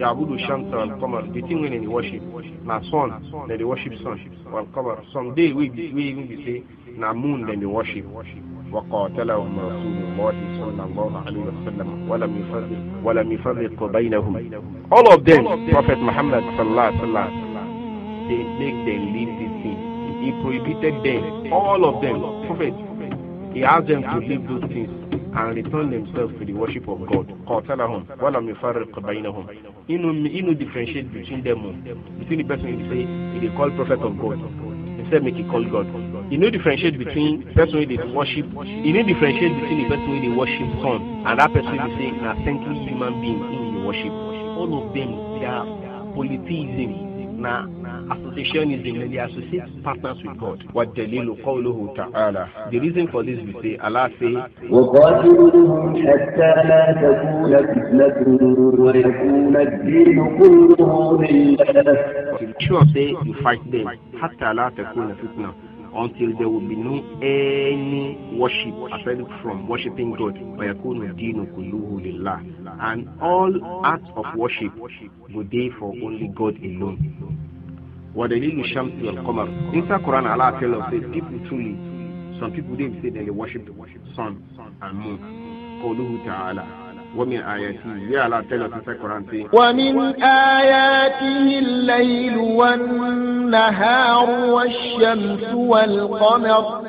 Yabudu Shams and Qamar. The thing when they worship, na sun, then they worship sun. Well, Qamar. Some day we be, we even be say na moon then they worship. وقاتلهم رسول الله صلى الله عليه وسلم ولم يفرق ولم يفرق بينهم. All of them, Prophet Muhammad صلى الله عليه وسلم, they make them leave this thing. He prohibited them, all of them, Prophet. He asked them to leave those things and return themselves to the worship of God. Qatalahum wa lam yufarriq bainahum. He no, he no differentiate between them. You see the person he say he dey call prophet of God. He said make he call God. He no differentiate between person wey dey worship. He no differentiate between the person wey dey worship sun and that person wey say na saintly human being in dey worship. All of them they are polytheism na Association is the they associate partners with God. What dalilu qawluhu ta'ala. The reason for this we say, Allah say, وقاتلوهم حتى لا تكون Sure say you fight them. حتى لا تكون فتنة until there will be no any worship aside from worshiping God. And all acts of worship will be for only God alone. ودليل الشمس والقمر Inside Quran Allah tells us that people truly some people they say that they worship the sun and moon قوله تعالى ومن آياته يا الله تلو في القرآن ومن آياته الليل والنهار والشمس والقمر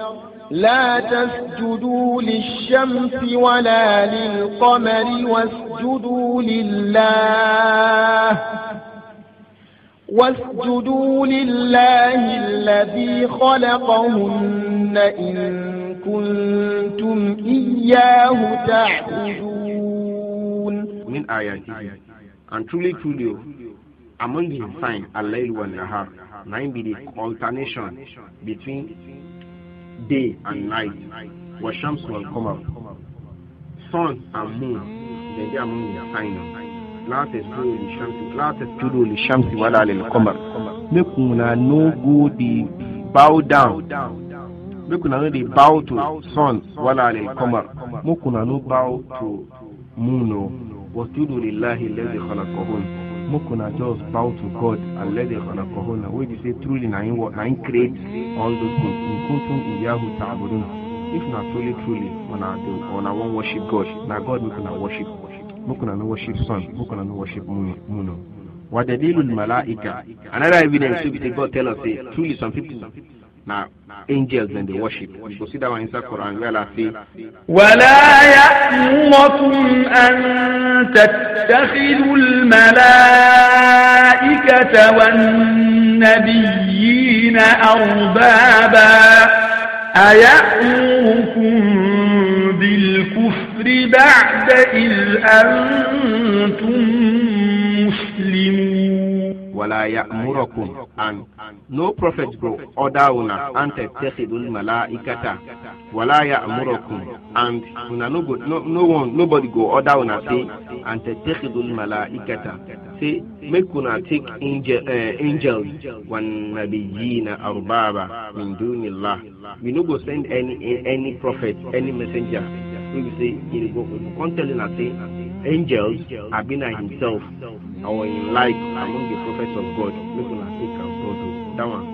لا تسجدوا للشمس ولا للقمر واسجدوا لله واسجدوا لله الذي خلقهن إن كنتم إياه تعبدون من آياته And truly, truly, among his signs are Layl and Nahar, nine be the alternation between day and night, Washams will come up. Sun and moon, they are among their signs la tasjudu li shamsi la tasjudu li shamsi wala lil qamar make una no go dey bow down make una no dey bow to sun wala lil qamar make una no bow to moon o wasjudu lillahi alladhi khalaqahun just bow to god alladhi khalaqahun wey be say truly na him na him create all those things in kuntum iyahu ta'budun if na truly truly una do una wan worship god na god make una worship. mukuna no worship sun mukuna no worship moon wadadilul malaika another evidence wey be say god tell us say truly some people na angels dem dey worship you go see that one inside quran wey allah say. ولا يأمركم أن تتخذوا الملائكة والنبيين أربابا أيأمركم بالكفر بعد إذ أنت wala ya'murakum and no prophet go order una an tattakhidul malaikata wala ya'murakum and una no go no, no one nobody go order una say an tattakhidul malaikata say make una take eh, angel uh, angels wan nabiyina arbaba min dunillah we no go send any any prophet any messenger we go say you go come tell una say angels, Abina himself, or in like among the prophets of God. Make una think of God. Oh. That one,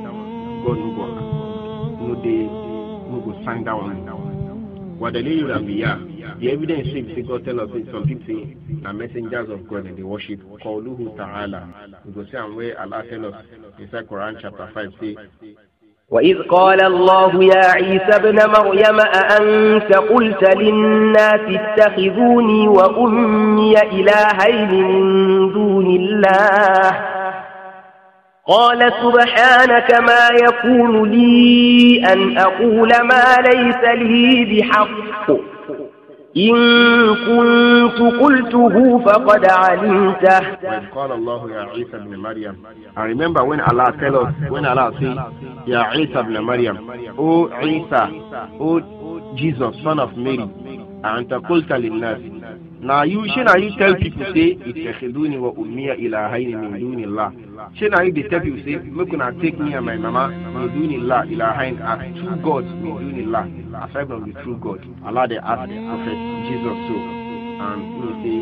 God no go, no day, no go sign that one. What the lady will be yeah. The evidence should be God tell us some people say the messengers of God and they worship luhu Ta'ala. We go see and where Allah tell us inside Quran chapter five say وإذ قال الله يا عيسى ابن مريم أأنت قلت للناس اتخذوني وأمي إلهين من دون الله قال سبحانك ما يكون لي أن أقول ما ليس لي بحق إن كنت قلته فقد علمته When قال الله يا عيسى ابن مريم I remember when Allah tell us when Allah say يا عيسى ابن مريم O Isa O Jesus son of Mary أنت قلت للناس Now you should now you tell people say اتخذوني وأمي إلهين من دون الله Shey na you dey tell people say make una take me and my mama Medunillah ilahain as two gods Medunillah aside from the true God. Allah dey ask the prophet Jesus so and he say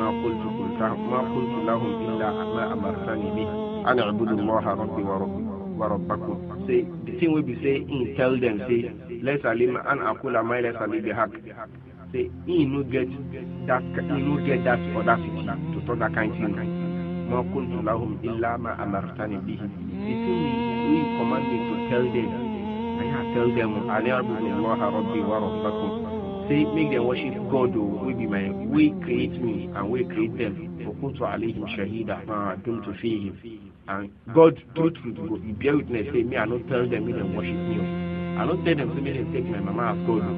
ma qultu ma qultu lahum illa ma amartani bi an a'budu Allah rabbi wa rabbi wa rabbakum. Say the thing we be say in tell them say let's alim an akula my let's alim bi Hak. Say he no get that he no get that audacity to talk that kind thing. ma kuntu lahum illa ma amartani bihi the two we command to tell them I have told them Allah, rabbi wa rabbakum say make them worship God oh. o be my we create me and we create them for kuntu alayhim shahida ma dumtu fihim and God truthfully go He bear witness say me I not tell them make them worship me oh. I not tell them say make them take my mama as God oh.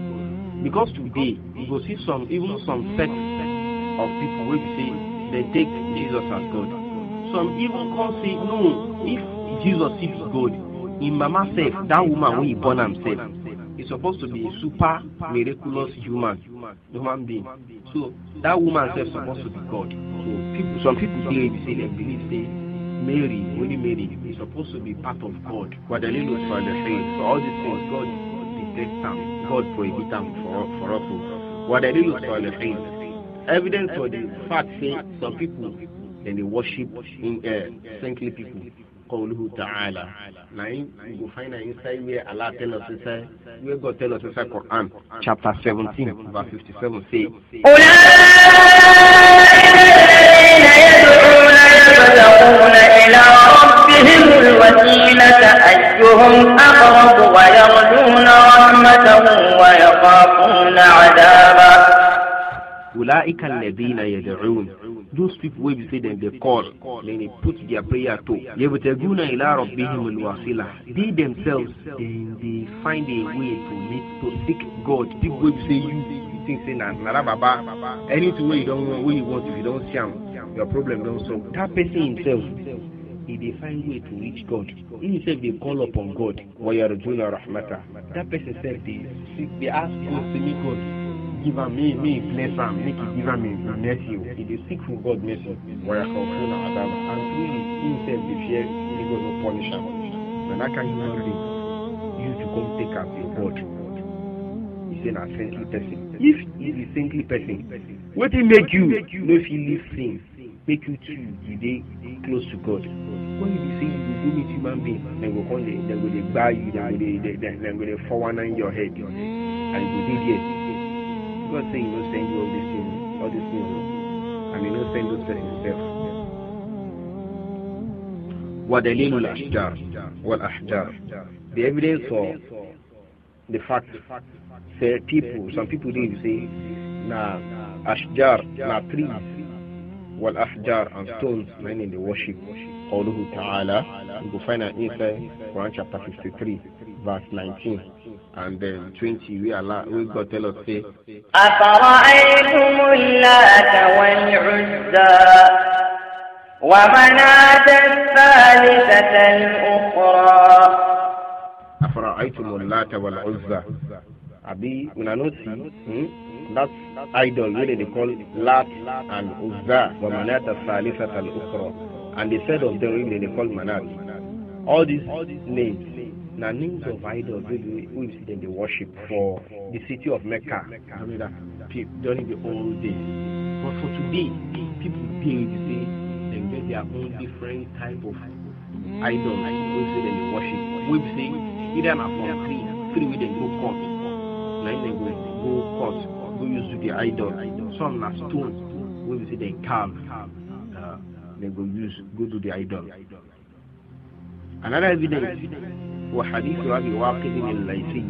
because today you go see some even some sects of people wey be say they take Jesus as God. Some even come say, no, if Jesus is God, in Mama said, that woman when he born himself, is supposed to be a super miraculous human, human being. So that woman is supposed to be God. So people, some people say, they say, believe, say, Mary, Holy Mary, is supposed to be part of God. What Guadalupe for the faith. So all these things, God detects them. God prohibits them for, for us. What Guadalupe for the faith. evidence for the fact say some people dem dey worship in uh, saintly people qawluhu ta'ala na him you go find am inside where allah tell us inside where god tell us inside quran chapter seventeen verse fifty-seven say. أولئك يدعون يبتغون إلى ربهم الوسيلة أيهم أقرب ويرجون رحمته ويخافون عذابه ulaika alladhina yad'un those people will be say dem they call then they put their prayer to yabtaguna ila rabbihim alwasila they themselves they dey find a way to meet to seek god people wey be say you think say na na baba anything wey you don want wey you want if you don see am your problem don solve that person himself he dey find way to reach God. He himself dey call upon God. Wayarjuna rahmata. That person sef dey seek dey ask God to meet God. give am may may bless am make he give am him him mercy o he dey seek for God mercy wayakonfuna adama and truly himself dey fear say God no punish am na that kind human being you to come take am your God he say na saintly person if he be saintly person wetin make you no fit live sin make you too you dey close to God when you be say you go meet human being dem go come dey dem go dey gba you dem go dey dem go dey four one nine your head and you go dey there. God saying not send you all these things, all these things. I mean, not send those person himself. ودليل الأشجار والأحجار The evidence for the fact say people, some people did see, na ashjar, na trees wal ahjar and stones men in the worship. قوله Taala. you go find an inside Quran chapter 53 verse 19 and then 20 we Allah we got tell us say أفرأيتم اللات والعزى ومناة الثالثة الأخرى أفرأيتم اللات والعزى أبي من أنوسي that idol really they call Lat and Uzza ومناة الثالثة الأخرى and the third of them really they call Manat all these names Now, names of idols who is we see worship for the city of mecca during the old days but for today people dey with say dem get their own different type of idol Who is wey say worship we be say either na from tree tree with dem go cut na im go go cut go use the idol some are stone wey be say dem carve dem uh, go use go to the idol another evidence. وحديث أبي واقد الليثي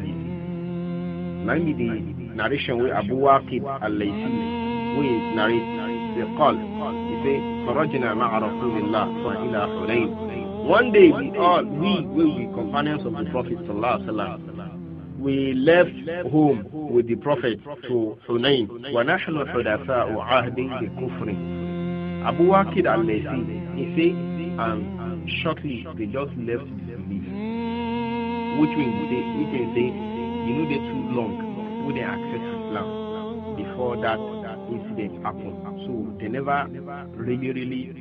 نعم دي narration wey Abu Waqid al narrate قال خرجنا مع رسول الله إلى حنين one day we all we will be companions of the Prophet sallallahu alaihi wasallam we left home with the Prophet to Hunayn. وَنَحْنُ حُدَثَاءُ عَهْدٍ الْكُفْرِ Abu Waqid al-Laythi, he said, and shortly they just left the belief which means they, we can say you know they too long with the access Islam before that that incident happened. So they never really really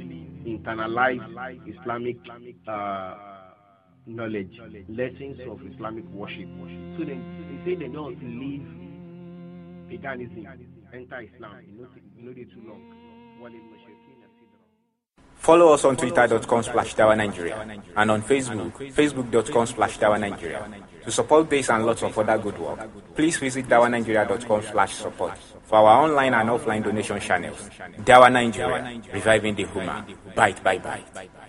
internalized Islamic uh, knowledge, lessons of Islamic worship. So they, they say they don't leave paganism, enter Islam. You know, you know they too long. Follow us on twitter.com slash Dawa Nigeria and on Facebook, facebook.com slash Dawa Nigeria. To support this and lots of other good work, please visit dawanigeria.com slash support for our online and offline donation channels. Dawa Nigeria, reviving the human. Bite, bye, bye.